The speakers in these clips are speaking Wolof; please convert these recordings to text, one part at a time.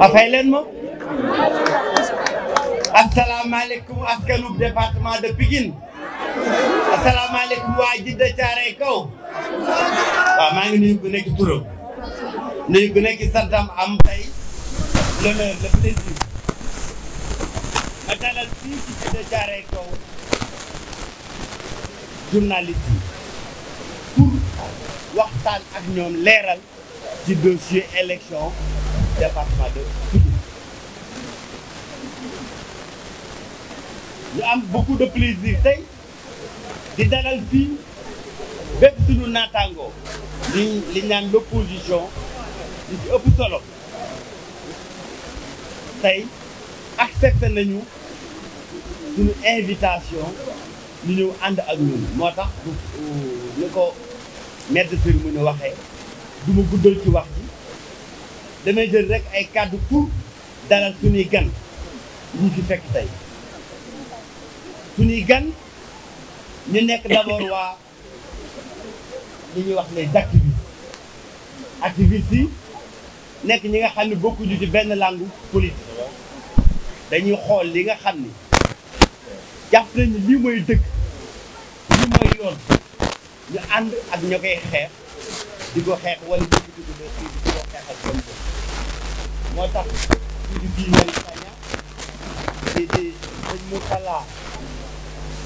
a fay leen ma asalaamaaleykum askanub département de Pikine asalaamaaleykum waa Jidda Caaray kaw waaw maa ngi nuyu ku nekk turam nuyu ku nekk santam am tey l'honneur le plaisir ma dalal fii ci Jidda Caaray kaw journaliste yi pour waxtaan ak ñoom leeral ci dossier élection département de Pikine ñu am beaucoup de plaisir tey di dalal fii bépp suñu nataangoo li li naan l'opposition li ci ëpp solo tey accepté nañu suñu invitation ñu ànd ak ñun moo tax bu ko maître Serigne mu ne waxee du guddal ci wax damay jël rek ay kàddu pour dalal suñuy gan ñu fi fekk tey suñuy gan ñu nekk d'abord waa li ñuy wax les activistes activistes yi nekk ñi nga xam ne bokkuñu ci benn langue politique dañuy xool li nga xam ni jàpp nañu lii mooy dëgg lii mooy yoon ñu ànd ak ña koy xeex di ko xeex wala di ko xeexal seen bopp moo tax suñu bii Malick Sagna di di sëñ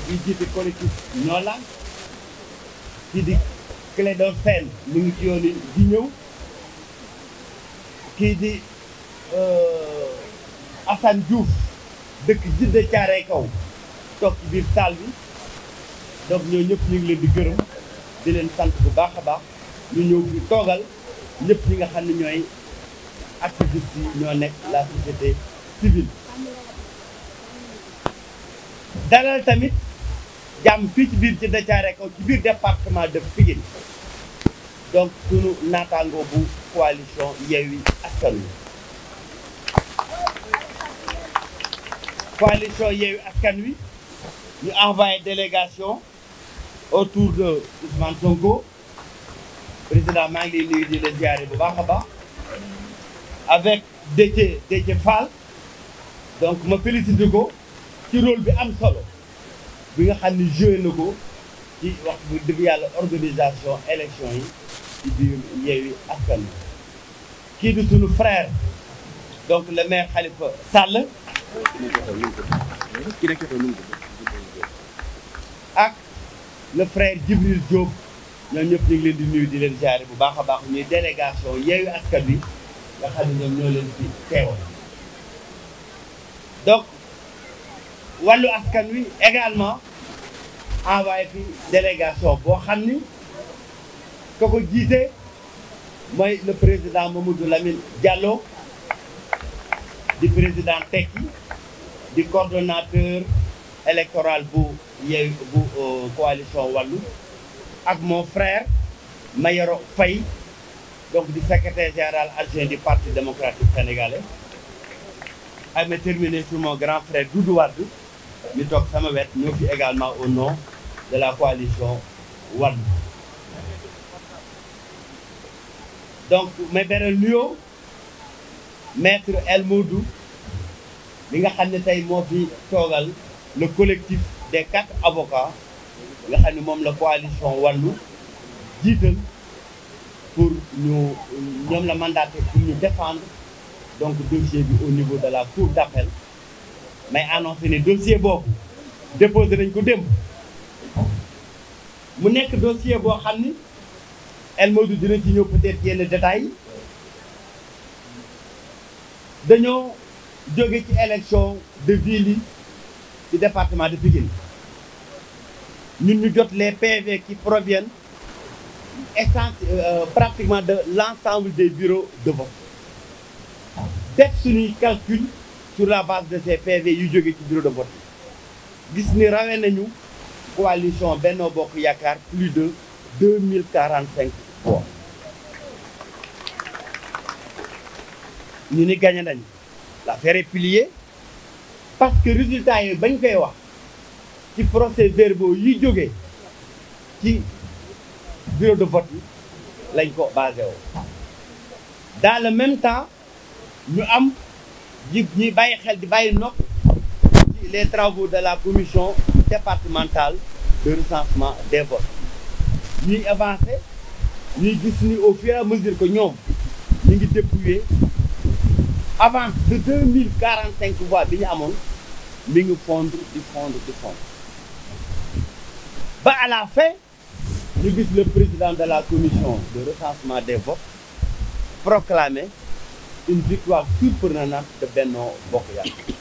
di jiite collectif ñoo kii di Clédor Sène mi ngi ci yoon di ñëw kii di euh, Assane Diouf dëkk Jidda Caaroy Kaw toog ci biir salle bi donc ñoo ñëpp ñu ngi leen di gërëm di leen sant bu baax a baax ñu ñëw fi toogal ñëpp ñi nga xam ne ñooy activistes yi ñoo nekk la société civile dalal tamit jàmm fii ci biir ci Dakaré Kaw ci biir département de Pikine donc sunu naataango bu coalition Yewwi Askan Wi coalition Yewwi Askan Wi ñu envoyé délégation autour de Ousmane Sonko président maa ngi lay di la ziare bu baax a baax avec Déthié Déthié Fall donc ma félicité ko ci rôle bi am solo bi nga xam ni joué na ko ci wax bu dëgg yàlla organisation élection yi ci biir Yewwi Askan Wi kii di sunu frère donc le maire Khalifa Sall ak le frère Djibril Diop ñoom ñëpp ñu ngi leen di nuyu di leen jaare bu baax a baax ñuy délégation Yewwi Askan Wi nga xam ne ñoom ñoo leen fi teewal donc wàllu askan wi également envoyé fi délégation boo xam ni ko ko jiite mooy le président Mamadou Lamine Diallo di président Tekki di coordonnateur électoral bu yeew bu euh, coalition wàllu ak mon frère Mayoro Faye donc du secrétaire général adjoint du Parti démocratique sénégalais ay ma terminé sur mon grand frère Doudou Wade mi toog sama wet ñëw fi également au nom de la coalition Wade donc may beral nuyoo maître El Moudou li nga xam ne tey moo fi toogal le collectif des quatre avocats nga xam ne moom la coalition wallu jiital pour ñu ñoom la mandaté pour ñu défendre donc dossier bi au niveau de la cour d'appel may annoncé ne dossier boobu déposé nañ ko démb mu nekk dossier boo xam ni El Modou dina ci ñëw peut-être yenn détails dañoo jóge ci élection de ville ci département de Pikine ñun ñu jot les PV qui essence euh, euh, pratiquement de l'ensemble des bureaux de vote def suñuy calcul sur la base de ces PV yu joge ci bureau de vote gis ni rawee nañu coalition Benno Bokk Yaakaar plus de deux mille quarante cinq voix ñu ni gañe nañu l'affaire est pliée parce que résultat yi bañ koy wax ci procès verbaux yi joge ci bureau de vote yi lañ ko basé dans le même temps ñu am ñi ñuy bàyyi xel di bàyyi nopp ci les travaux de la commission départementale de recensement des votes ñuy avancé ñuy gis ni au fur et à mesure que ñoom ñu ngi dépouiller avance de deux mille quarante cinq voix bi ñu amoon mi ngi fondre di fondre di fondre ba à la fin ñu gis le président de la commission de recensement des votes proclamer une victoire surprenante de Benno Bokk Yaakaar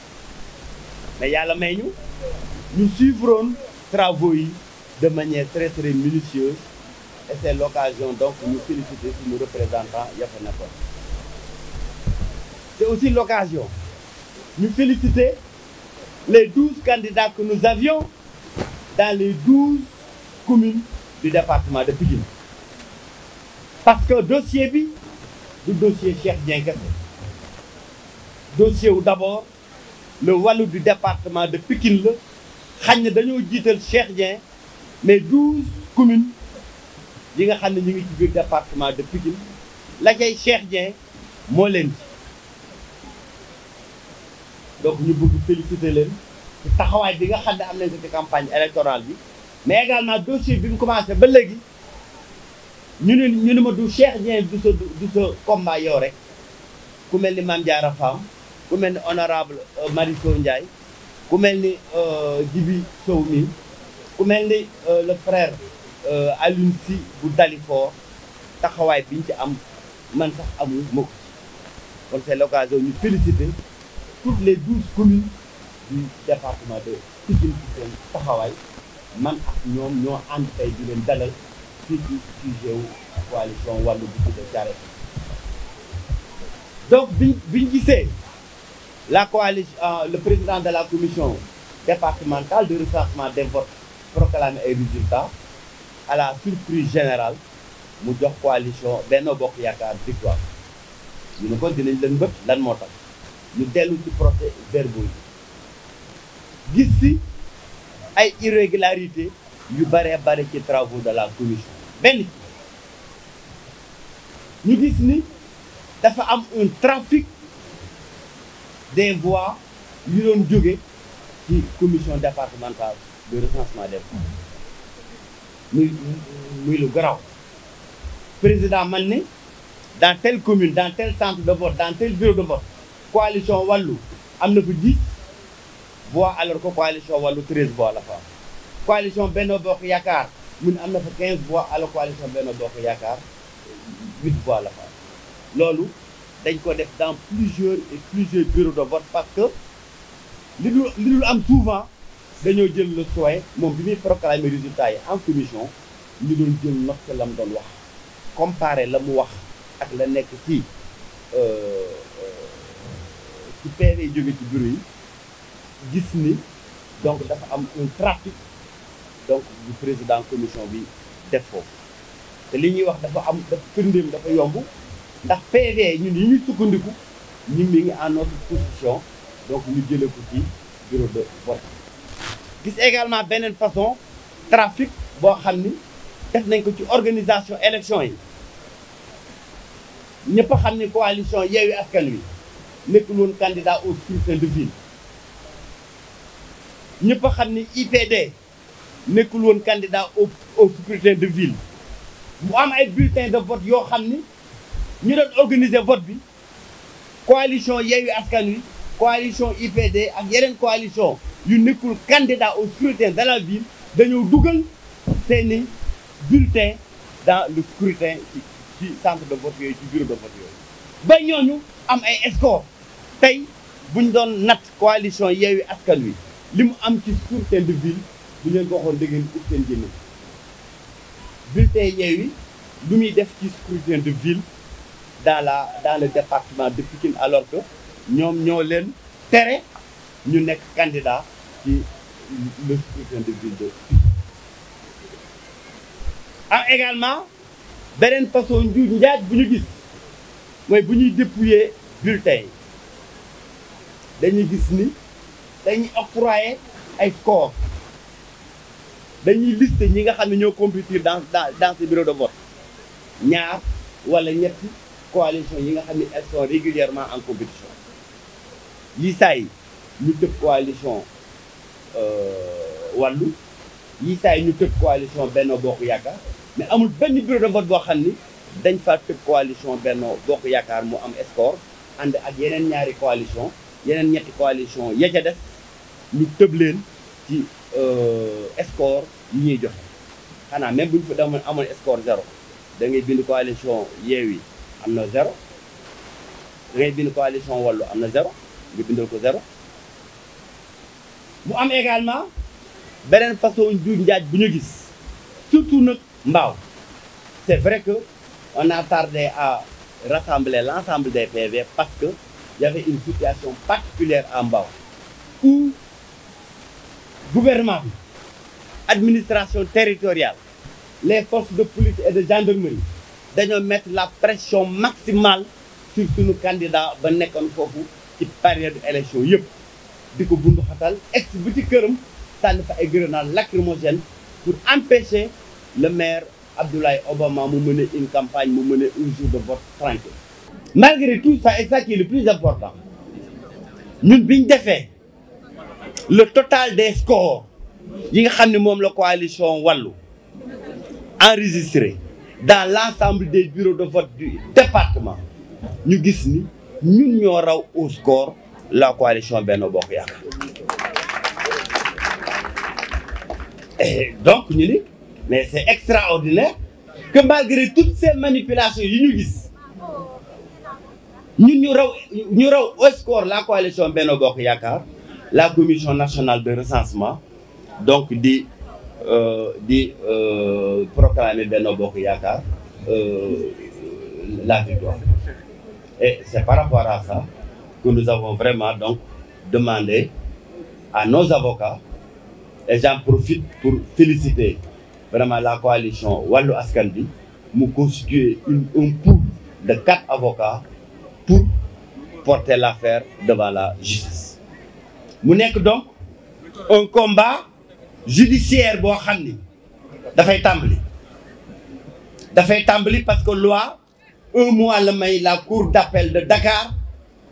mais yàlla may ñu ñu suivroon travaux yi de manière très très minutieuse et c'est l'occasion donc ñu féliciter suñu représentant ya fa nekkoon c'est aussi l'occasion ñu féliciter les douze candidats que nous avions dans les douze communes du département de Pikine parce que dossier bi du dossier Cheikh Dieng kese dossier wu d'abord le wàllu du département de Pikine la xañ na dañoo jiital Cheikh Dieng mais douze commune yi nga xam ne ñu ngi ci biir de Pikine la cay Cheikh Dieng moo leen ci donc ñu bëgg féliciter leen ci taxawaay bi nga xam ne am nañ ko ci campagne électorale bi mais également dossier bi mu commencé ba léegi ñu ne ñu du Cheikh Dieng du sa du sa combat yow rek ku mel ni Mame Diarra Fam ku mel ni honorable euh, Marie Sow Ndiaye ku mel ni euh, Djibi Sow mi ku mel ni euh, le frère Alioune Sy bu Dalifort taxawaay biñ ci am man sax amul ma ko kon c'est l'occasion ñu féliciter toutes les douze communes du département de Pikine ci taxawaay man ak ñoom ñoo ànd tey di leen dalal fii ci sujet wu coalition wàllu bu tuddee Thiaré donc biñ biñ gisee la coalition euh, le président de la commission départementale de recensement des votes proclamé ay résultats à la surprise générale mu jox coalition Benno Bokk Yaakaar victoire ñu ne ko dinañ leen bëgg lan moo tax ñu dellu ci procès verbaux yi gis si ay irrégularité yu bare bare ci travaux de la commission benn ñu gis ni dafa am un trafic des voies yu doon jóge ci commission départementale de recensement de voies muy muy lu garaaw président man ni dans telle commune dans tel centre de vote dans tel bureau de vote coalition wàllu am na fa dix voix alors que coalition wàllu 13 voix la fa coalition Benno Bokk Yaakaar mu am na fa quinze voix alors coalition Benno Bokk Yaakaar 8 voix la fa loolu dañ ko def dans plusieurs et plusieurs bureaux de vote parce que li dul li dul am souvent dañoo jël le soin moom bi muy proclamer résultat yi en commission ñu doon jël note la mu doon wax comparé la mu wax ak la nekk ci euh, euh, ci PV jóge ci bureau yi gis ni donc dafa am un trafic président commission bi def foofu li ñuy wax dafa am dafa dafa yomb ndax PV ñun yi ñuy sukkandiku ñun mi ngi en notre position donc ñu jëlee ko ci bureau de vote gis également beneen façon trafic boo xam ni def nañ ko ci organisation élection yi ñëpp a xam ni coalition Yewwi Askan Wi nekkul woon candidat au scrutin de ville ñëpp a xam ni IPD nekkul woon candidat au au scrutin de ville mu am ay bulletin de vote yoo xam ni ñu doon organiser vote bi coalition Yewwi Askan Wi coalition IPD ak yeneen coalition yu nekkul candidat au scrutin de la ville dañoo dugal seeni bulletin dans le scrutin ci centre de vote yooyu ci bureau de vote yooyu ba ñooñu am ay score tey buñ doon nat coalition Yewwi Askan Wi li mu am ci sourtel de ville bu leen ko waxoon da ngeen ut seen jënd bulletin Yewwi lu muy def ci scrutin de ville dans la dans le département de Pikine alors ñoom ñoo leen tere ñu nekk candidat ci le scrutin de ville de am également beneen façon njaaj bu ñu gis mooy bu ñuy dépouiller bulletin dañu gis ni dañuy octroyer ay corps dañuy liste ñi nga xam ne ñoo compétir dans dans ce bureau de vote ñaar wala ñetti coalition yi nga xam ne elles sont régulièrement en compétition yi saa ñu tëb coalition euh, wàllu yi saa yi ñu tëb coalition Benno Bokk Yaakaar mais amul benn bureau de vote boo xam ni dañ fa tëb coalition Benno Bokk Yaakaar mu am score ànd ak yeneen ñaari coalition yeneen ñetti coalition ya ca des ñu tëb leen ci euh, score yi ñuy joxe xanaa même bu ñu fa amoon score zéro da ngay bind coalition Yewwi am na zéro da ngay bind coalition Wallu am na zéro nga bindal ko zéro mu am également beneen façon njuuj njaaj bu ñu gis surtout nag mbaaw c'est vrai que on a tardé à rassembler l'ensemble des PV parce que y avait une situation particulière à Mbao gouvernement bi administration territoriale les forces de police et de gendarmerie dañoo mettre la pression maximale sur suñu candidat ba nekkoon foofu ci période élection yëpp di ko bundu xatal ex bu ci këram sànni fa ay grenades lacrymogènes pour empêcher le maire Abdoulaye Obama mu mener une campagne mu mener un jour de vote tranquille malgré tout ça et ça qui le plus important ñun biñ defee le total des scores yi nga xam ne moom la coalition wàllu enregistré dans l'ensemble des bureaux de vote du département ñu gis ni ñun ñoo raw au score la coalition Benno Bokk Yaakaar ñu ni mais c'est extraordinaire que malgré toutes ces manipulations yi ñu gis ñu raw raw au score la coalition Benno Bokk Yaakaar la commission nationale de recensement donc di euh, di euh, proclamer Benno bok Yaakaar euh, la victoire et c'est par rapport à ça que nous avons vraiment donc demandé à nos avocats et j'en profite pour féliciter vraiment la coalition Wallu Askan Wi mu constituer une un de quatre avocats pour porter l'affaire devant la justice mu nekk donc un combat judiciaire boo xam ni dafay tàmbali dafay tàmbali parce que loi un mois la may la cour d'appel de Dakar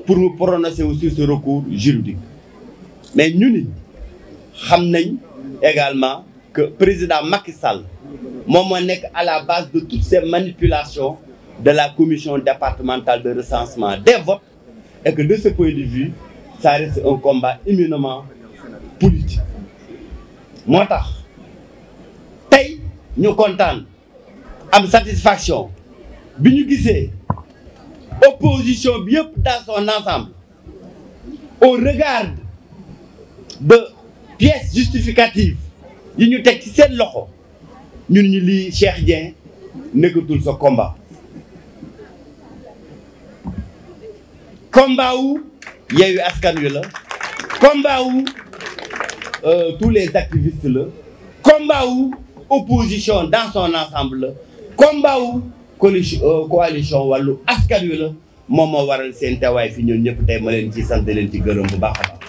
pour mu prononcer wu sur ce recours juridique mais ñu ni xam nañ également que président Macky Sall moom moo nekk à la base de toutes ces manipulations de la commission départementale de recensement des votes et que de ce point de vue ça reste un combat éminemment politique moo tax tey ñu kontaan am satisfaction bi ñu gisee opposition bi yëpp dans son ensemble au regard de pièces justificatives yi ñu teg ci seen loxo ñun ñu lii Cheikh Dieng nekkatul sa combat combat wu Yewwi Askan Wi la combat wu euh, tous les activistes la combat wu opposition dans son ensemble la combat wu coalition euh, wallu askan wi la moom moo waral seen teewaay fi ñun ñëpp tey ma leen ci sante leen ci gërëm bu baax a baax